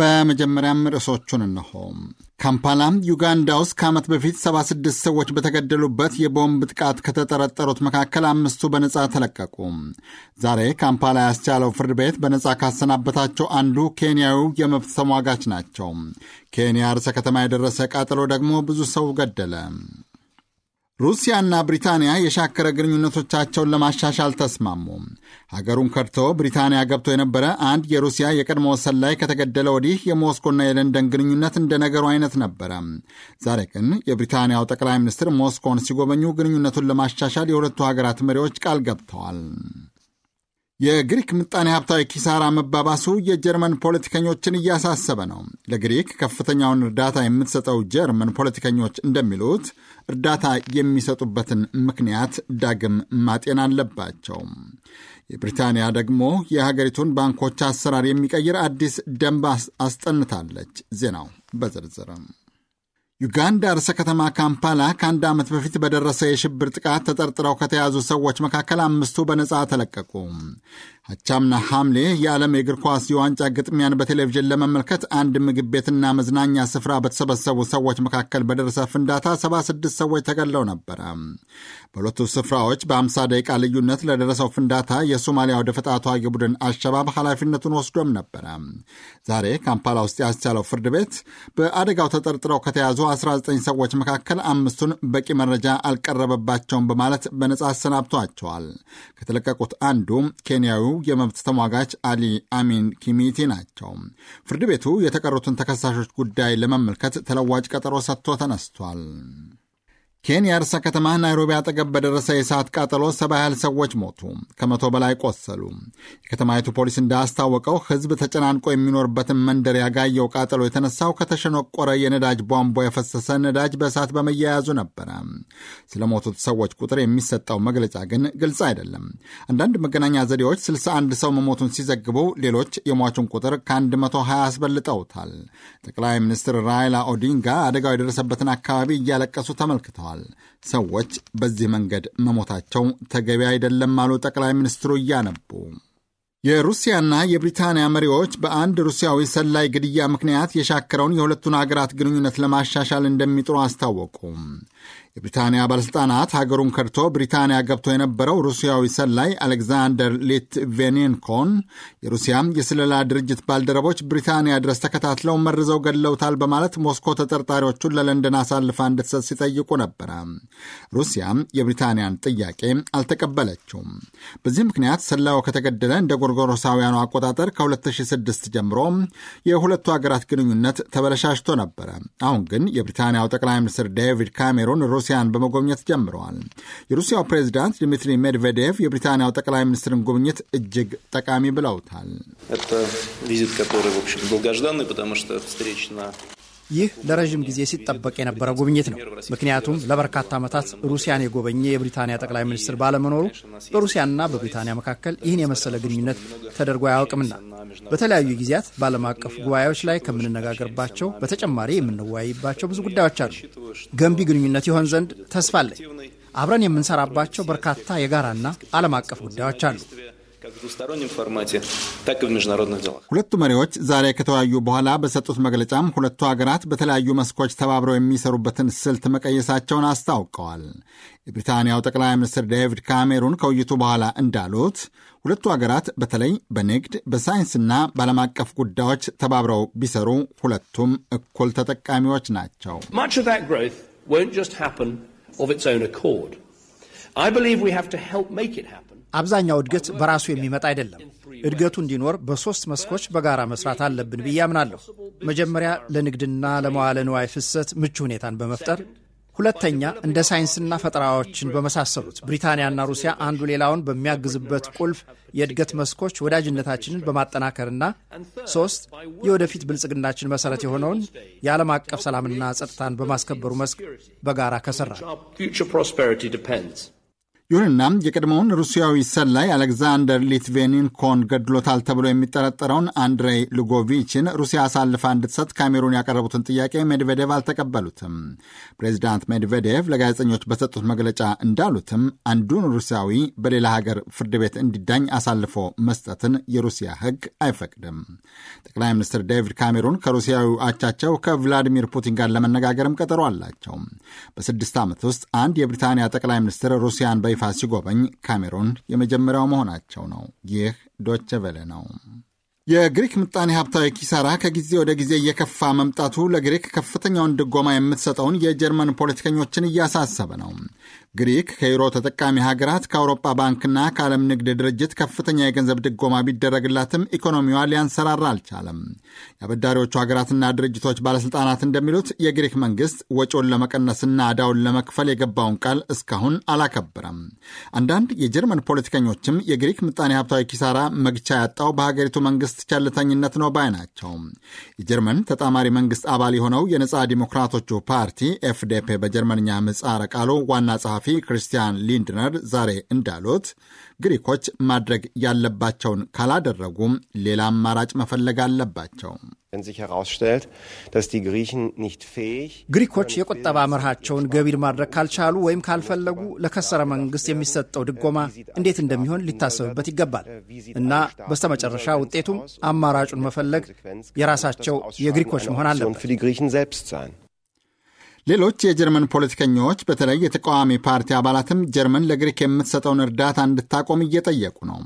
በመጀመሪያም ርዕሶቹን እነሆ። ካምፓላ ዩጋንዳ ውስጥ ከዓመት በፊት 76 ሰዎች በተገደሉበት የቦምብ ጥቃት ከተጠረጠሩት መካከል አምስቱ በነፃ ተለቀቁ። ዛሬ ካምፓላ ያስቻለው ፍርድ ቤት በነፃ ካሰናበታቸው አንዱ ኬንያዊው የመብት ተሟጋች ናቸው። ኬንያ ርዕሰ ከተማ የደረሰ ቃጠሎ ደግሞ ብዙ ሰው ገደለ። ሩሲያና ብሪታንያ የሻከረ ግንኙነቶቻቸውን ለማሻሻል ተስማሙ። ሀገሩን ከድቶ ብሪታንያ ገብቶ የነበረ አንድ የሩሲያ የቀድሞ ሰላይ ከተገደለ ወዲህ የሞስኮና የለንደን ግንኙነት እንደ ነገሩ አይነት ነበረ። ዛሬ ግን የብሪታንያው ጠቅላይ ሚኒስትር ሞስኮን ሲጎበኙ ግንኙነቱን ለማሻሻል የሁለቱ ሀገራት መሪዎች ቃል ገብተዋል። የግሪክ ምጣኔ ሀብታዊ ኪሳራ መባባሱ የጀርመን ፖለቲከኞችን እያሳሰበ ነው። ለግሪክ ከፍተኛውን እርዳታ የምትሰጠው ጀርመን ፖለቲከኞች እንደሚሉት እርዳታ የሚሰጡበትን ምክንያት ዳግም ማጤን አለባቸው። የብሪታንያ ደግሞ የሀገሪቱን ባንኮች አሰራር የሚቀይር አዲስ ደንብ አስጠንታለች። ዜናው በዝርዝርም ዩጋንዳ ርዕሰ ከተማ ካምፓላ ከአንድ ዓመት በፊት በደረሰ የሽብር ጥቃት ተጠርጥረው ከተያዙ ሰዎች መካከል አምስቱ በነጻ ተለቀቁ። አቻምና ሐምሌ የዓለም የእግር ኳስ የዋንጫ ግጥሚያን በቴሌቪዥን ለመመልከት አንድ ምግብ ቤትና መዝናኛ ስፍራ በተሰበሰቡ ሰዎች መካከል በደረሰ ፍንዳታ 76 ሰዎች ተገለው ነበረ። በሁለቱ ስፍራዎች በ50 ደቂቃ ልዩነት ለደረሰው ፍንዳታ የሶማሊያ ወደ ፈጣ ተዋጊ ቡድን አሸባብ ኃላፊነቱን ወስዶም ነበረ። ዛሬ ካምፓላ ውስጥ ያስቻለው ፍርድ ቤት በአደጋው ተጠርጥረው ከተያዙ 19 ሰዎች መካከል አምስቱን በቂ መረጃ አልቀረበባቸውም በማለት በነጻ አሰናብቷቸዋል። ከተለቀቁት አንዱ ኬንያዊው የመብት ተሟጋች አሊ አሚን ኪሚቲ ናቸው። ፍርድ ቤቱ የተቀሩትን ተከሳሾች ጉዳይ ለመመልከት ተለዋጭ ቀጠሮ ሰጥቶ ተነስቷል። ኬንያ ርዕሰ ከተማ ናይሮቢ አጠገብ በደረሰ የእሳት ቃጠሎ ሰባ ያህል ሰዎች ሞቱ፣ ከመቶ በላይ ቆሰሉ። የከተማይቱ ፖሊስ እንዳስታወቀው ሕዝብ ተጨናንቆ የሚኖርበትን መንደር ያጋየው ቃጠሎ የተነሳው ከተሸነቆረ የነዳጅ ቧንቧ የፈሰሰ ነዳጅ በእሳት በመያያዙ ነበረ። ስለሞቱት ሰዎች ቁጥር የሚሰጠው መግለጫ ግን ግልጽ አይደለም። አንዳንድ መገናኛ ዘዴዎች 61 ሰው መሞቱን ሲዘግቡ፣ ሌሎች የሟቹን ቁጥር ከ120 አስበልጠውታል። ጠቅላይ ሚኒስትር ራይላ ኦዲንጋ አደጋው የደረሰበትን አካባቢ እያለቀሱ ተመልክተዋል። ብለዋል። ሰዎች በዚህ መንገድ መሞታቸው ተገቢ አይደለም አሉ ጠቅላይ ሚኒስትሩ እያነቡ። የሩሲያና የብሪታንያ መሪዎች በአንድ ሩሲያዊ ሰላይ ግድያ ምክንያት የሻከረውን የሁለቱን አገራት ግንኙነት ለማሻሻል እንደሚጥሩ አስታወቁ። የብሪታንያ ባለሥልጣናት ሀገሩን ከድቶ ብሪታንያ ገብቶ የነበረው ሩሲያዊ ሰላይ አሌክዛንደር ሊትቬኔንኮን የሩሲያ የስለላ ድርጅት ባልደረቦች ብሪታንያ ድረስ ተከታትለው መርዘው ገለውታል በማለት ሞስኮ ተጠርጣሪዎቹን ለለንደን አሳልፋ እንድትሰጥ ሲጠይቁ ነበረ። ሩሲያም የብሪታንያን ጥያቄ አልተቀበለችውም። በዚህ ምክንያት ሰላዩ ከተገደለ እንደ ጎርጎሮሳውያኑ አቆጣጠር ከ2006 ጀምሮ የሁለቱ ሀገራት ግንኙነት ተበለሻሽቶ ነበረ። አሁን ግን የብሪታንያው ጠቅላይ ሚኒስትር ዴቪድ ካሜሮን የነበረውን ሩሲያን በመጎብኘት ጀምረዋል። የሩሲያው ፕሬዚዳንት ድሚትሪ ሜድቬዴቭ የብሪታንያው ጠቅላይ ሚኒስትርን ጉብኝት እጅግ ጠቃሚ ብለውታል። ይህ ለረዥም ጊዜ ሲጠበቅ የነበረ ጉብኝት ነው። ምክንያቱም ለበርካታ ዓመታት ሩሲያን የጎበኘ የብሪታንያ ጠቅላይ ሚኒስትር ባለመኖሩ በሩሲያና በብሪታንያ መካከል ይህን የመሰለ ግንኙነት ተደርጎ አያውቅምና በተለያዩ ጊዜያት በዓለም አቀፍ ጉባኤዎች ላይ ከምንነጋገርባቸው በተጨማሪ የምንወያይባቸው ብዙ ጉዳዮች አሉ። ገንቢ ግንኙነት ይሆን ዘንድ ተስፋ አለኝ። አብረን የምንሰራባቸው በርካታ የጋራና ዓለም አቀፍ ጉዳዮች አሉ። двустороннем формате, так и в международных делах። ሁለቱ መሪዎች ዛሬ ከተወያዩ በኋላ በሰጡት መግለጫም ሁለቱ ሀገራት በተለያዩ መስኮች ተባብረው የሚሰሩበትን ስልት መቀየሳቸውን አስታውቀዋል። የብሪታንያው ጠቅላይ ሚኒስትር ዴቪድ ካሜሩን ከውይይቱ በኋላ እንዳሉት ሁለቱ ሀገራት በተለይ በንግድ በሳይንስና በዓለም አቀፍ ጉዳዮች ተባብረው ቢሰሩ ሁለቱም እኩል ተጠቃሚዎች ናቸው። ኦፍ ኢትስ ኦውን አኮርድ አብዛኛው እድገት በራሱ የሚመጣ አይደለም። እድገቱ እንዲኖር በሶስት መስኮች በጋራ መስራት አለብን ብዬ አምናለሁ። መጀመሪያ ለንግድና ለመዋለ ንዋይ ፍሰት ምቹ ሁኔታን በመፍጠር ሁለተኛ እንደ ሳይንስና ፈጠራዎችን በመሳሰሉት ብሪታንያና ሩሲያ አንዱ ሌላውን በሚያግዝበት ቁልፍ የእድገት መስኮች ወዳጅነታችንን በማጠናከርና ሶስት የወደፊት ብልጽግናችን መሰረት የሆነውን የዓለም አቀፍ ሰላምና ጸጥታን በማስከበሩ መስክ በጋራ ከሰራል ይሁንና የቀድሞውን ሩሲያዊ ሰላይ አሌክዛንደር ሊትቬኒንኮን ገድሎታል ተብሎ የሚጠረጠረውን አንድሬይ ሉጎቪችን ሩሲያ አሳልፋ እንድትሰጥ ካሜሩን ያቀረቡትን ጥያቄ ሜድቬዴቭ አልተቀበሉትም። ፕሬዚዳንት ሜድቬዴቭ ለጋዜጠኞች በሰጡት መግለጫ እንዳሉትም አንዱን ሩሲያዊ በሌላ ሀገር ፍርድ ቤት እንዲዳኝ አሳልፎ መስጠትን የሩሲያ ሕግ አይፈቅድም። ጠቅላይ ሚኒስትር ዴቪድ ካሜሩን ከሩሲያዊ አቻቸው ከቭላዲሚር ፑቲን ጋር ለመነጋገርም ቀጠሮ አላቸው። በስድስት ዓመት ውስጥ አንድ የብሪታንያ ጠቅላይ ሚኒስትር ሩሲያን በ በይፋ ሲጎበኝ ካሜሩን የመጀመሪያው መሆናቸው ነው። ይህ ዶቼ ቬለ ነው። የግሪክ ምጣኔ ሀብታዊ ኪሳራ ከጊዜ ወደ ጊዜ እየከፋ መምጣቱ ለግሪክ ከፍተኛውን ድጎማ የምትሰጠውን የጀርመን ፖለቲከኞችን እያሳሰበ ነው። ግሪክ ከዩሮ ተጠቃሚ ሀገራት ከአውሮፓ ባንክና ከዓለም ንግድ ድርጅት ከፍተኛ የገንዘብ ድጎማ ቢደረግላትም ኢኮኖሚዋ ሊያንሰራራ አልቻለም። የአበዳሪዎቹ ሀገራትና ድርጅቶች ባለሥልጣናት እንደሚሉት የግሪክ መንግሥት ወጪውን ለመቀነስና ዕዳውን ለመክፈል የገባውን ቃል እስካሁን አላከበረም። አንዳንድ የጀርመን ፖለቲከኞችም የግሪክ ምጣኔ ሀብታዊ ኪሳራ መግቻ ያጣው በሀገሪቱ መንግሥት ቸልተኝነት ነው ባይ ናቸው። የጀርመን ተጣማሪ መንግሥት አባል የሆነው የነጻ ዲሞክራቶቹ ፓርቲ ኤፍዴፔ በጀርመንኛ ምጻረ ቃሉ ዋና ጸሐፊ ጸሐፊ ክርስቲያን ሊንድነር ዛሬ እንዳሉት ግሪኮች ማድረግ ያለባቸውን ካላደረጉም ሌላ አማራጭ መፈለግ አለባቸው። ግሪኮች የቁጠባ መርሃቸውን ገቢር ማድረግ ካልቻሉ ወይም ካልፈለጉ ለከሰረ መንግስት የሚሰጠው ድጎማ እንዴት እንደሚሆን ሊታሰብበት ይገባል እና በስተመጨረሻ ውጤቱም አማራጩን መፈለግ የራሳቸው የግሪኮች መሆን አለበት። ሌሎች የጀርመን ፖለቲከኞች በተለይ የተቃዋሚ ፓርቲ አባላትም ጀርመን ለግሪክ የምትሰጠውን እርዳታ እንድታቆም እየጠየቁ ነው።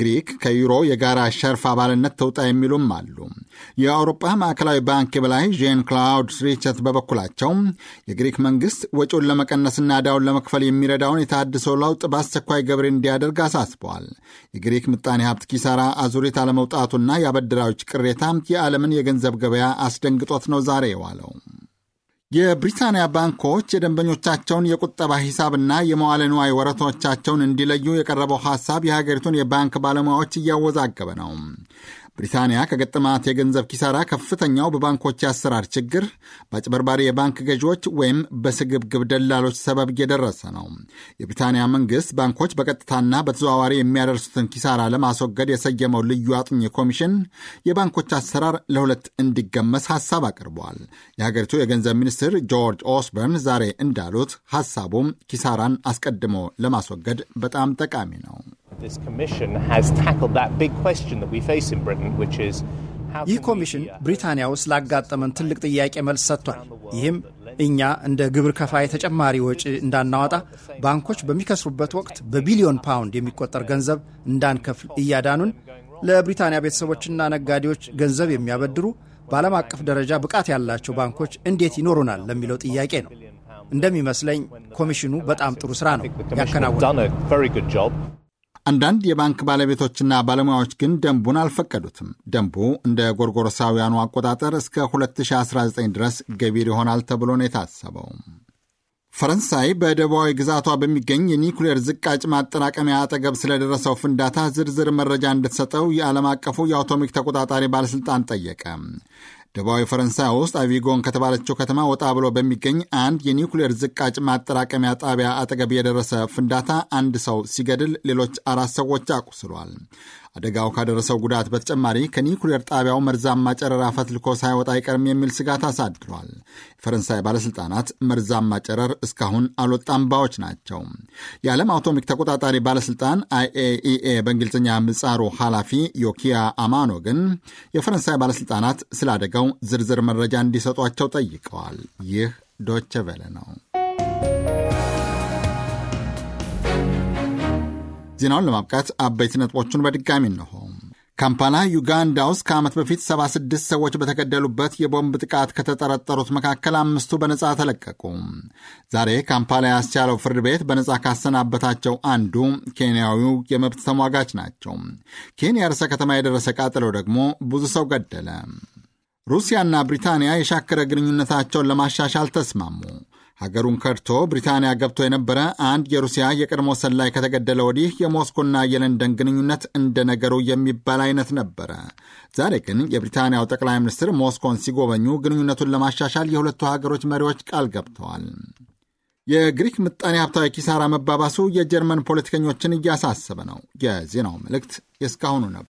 ግሪክ ከዩሮ የጋራ ሸርፍ አባልነት ትውጣ የሚሉም አሉ። የአውሮፓ ማዕከላዊ ባንክ በላይ ዣን ክላውድ ሪቸት በበኩላቸው የግሪክ መንግስት ወጪውን ለመቀነስና ዕዳውን ለመክፈል የሚረዳውን የተሃድሶ ለውጥ በአስቸኳይ ገብሬ እንዲያደርግ አሳስበዋል። የግሪክ ምጣኔ ሀብት ኪሳራ አዙሪት አለመውጣቱና የአበዳሪዎች ቅሬታ የዓለምን የገንዘብ ገበያ አስደንግጦት ነው ዛሬ የዋለው። የብሪታንያ ባንኮች የደንበኞቻቸውን የቁጠባ ሂሳብና የመዋለ ንዋይ ወረቶቻቸውን እንዲለዩ የቀረበው ሐሳብ የሀገሪቱን የባንክ ባለሙያዎች እያወዛገበ ነው። ብሪታንያ ከገጠማት የገንዘብ ኪሳራ ከፍተኛው በባንኮች አሰራር ችግር በአጭበርባሪ የባንክ ገዢዎች ወይም በስግብግብ ደላሎች ሰበብ እየደረሰ ነው። የብሪታንያ መንግሥት ባንኮች በቀጥታና በተዘዋዋሪ የሚያደርሱትን ኪሳራ ለማስወገድ የሰየመው ልዩ አጥኚ ኮሚሽን የባንኮች አሰራር ለሁለት እንዲገመስ ሐሳብ አቅርቧል። የሀገሪቱ የገንዘብ ሚኒስትር ጆርጅ ኦስበርን ዛሬ እንዳሉት ሐሳቡም ኪሳራን አስቀድሞ ለማስወገድ በጣም ጠቃሚ ነው። ይህ ኮሚሽን uh, ብሪታንያ ውስጥ ላጋጠመን ትልቅ ጥያቄ መልስ ሰጥቷል። ይህም እኛ እንደ ግብር ከፋይ ተጨማሪ ወጪ እንዳናወጣ ባንኮች በሚከስሩበት ወቅት በቢሊዮን ፓውንድ የሚቆጠር ገንዘብ እንዳንከፍል እያዳኑን፣ ለብሪታንያ ቤተሰቦችና ነጋዴዎች ገንዘብ የሚያበድሩ በዓለም አቀፍ ደረጃ ብቃት ያላቸው ባንኮች እንዴት ይኖሩናል ለሚለው ጥያቄ ነው። እንደሚመስለኝ ኮሚሽኑ በጣም ጥሩ ስራ ነው ያከናወነ። አንዳንድ የባንክ ባለቤቶችና ባለሙያዎች ግን ደንቡን አልፈቀዱትም። ደንቡ እንደ ጎርጎሮሳውያኑ አቆጣጠር እስከ 2019 ድረስ ገቢር ይሆናል ተብሎ ነው የታሰበው። ፈረንሳይ በደቡባዊ ግዛቷ በሚገኝ የኒኩሌር ዝቃጭ ማጠራቀሚያ አጠገብ ስለደረሰው ፍንዳታ ዝርዝር መረጃ እንድትሰጠው የዓለም አቀፉ የአቶሚክ ተቆጣጣሪ ባለሥልጣን ጠየቀ። ደቡባዊ ፈረንሳይ ውስጥ አቪጎን ከተባለችው ከተማ ወጣ ብሎ በሚገኝ አንድ የኒውክሌር ዝቃጭ ማጠራቀሚያ ጣቢያ አጠገብ የደረሰ ፍንዳታ አንድ ሰው ሲገድል ሌሎች አራት ሰዎች አቁስሏል። አደጋው ካደረሰው ጉዳት በተጨማሪ ከኒኩሌር ጣቢያው መርዛማ ጨረር አፈትልኮ ሳይወጣ አይቀርም የሚል ስጋት አሳድሯል። የፈረንሳይ ባለሥልጣናት መርዛማ ጨረር እስካሁን አልወጣም ባዮች ናቸው። የዓለም አቶሚክ ተቆጣጣሪ ባለሥልጣን አይኤኢኤ በእንግሊዝኛ ምጻሩ ኃላፊ ዮኪያ አማኖ ግን የፈረንሳይ ባለሥልጣናት ስለ አደጋው ዝርዝር መረጃ እንዲሰጧቸው ጠይቀዋል። ይህ ዶቸ ቬለ ነው። ዜናውን ለማብቃት አበይት ነጥቦቹን በድጋሚ እንሆ። ካምፓላ ዩጋንዳ ውስጥ ከዓመት በፊት 76 ሰዎች በተገደሉበት የቦምብ ጥቃት ከተጠረጠሩት መካከል አምስቱ በነጻ ተለቀቁ። ዛሬ ካምፓላ ያስቻለው ፍርድ ቤት በነጻ ካሰናበታቸው አንዱ ኬንያዊው የመብት ተሟጋች ናቸው። ኬንያ ርዕሰ ከተማ የደረሰ ቃጠሎ ደግሞ ብዙ ሰው ገደለ። ሩሲያና ብሪታንያ የሻከረ ግንኙነታቸውን ለማሻሻል ተስማሙ። ሀገሩን ከድቶ ብሪታንያ ገብቶ የነበረ አንድ የሩሲያ የቀድሞ ሰላይ ከተገደለ ወዲህ የሞስኮና የለንደን ግንኙነት እንደ ነገሩ የሚባል አይነት ነበረ። ዛሬ ግን የብሪታንያው ጠቅላይ ሚኒስትር ሞስኮን ሲጎበኙ ግንኙነቱን ለማሻሻል የሁለቱ ሀገሮች መሪዎች ቃል ገብተዋል። የግሪክ ምጣኔ ሀብታዊ ኪሳራ መባባሱ የጀርመን ፖለቲከኞችን እያሳሰበ ነው። የዜናው መልእክት የእስካሁኑ ነበር።